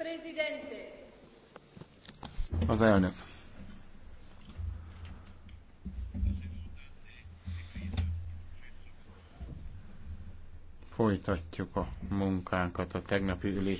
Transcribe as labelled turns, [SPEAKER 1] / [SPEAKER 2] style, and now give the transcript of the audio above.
[SPEAKER 1] Presidente.
[SPEAKER 2] Az elnök.
[SPEAKER 3] Folytatjuk a munkánkat a tegnapi ülés.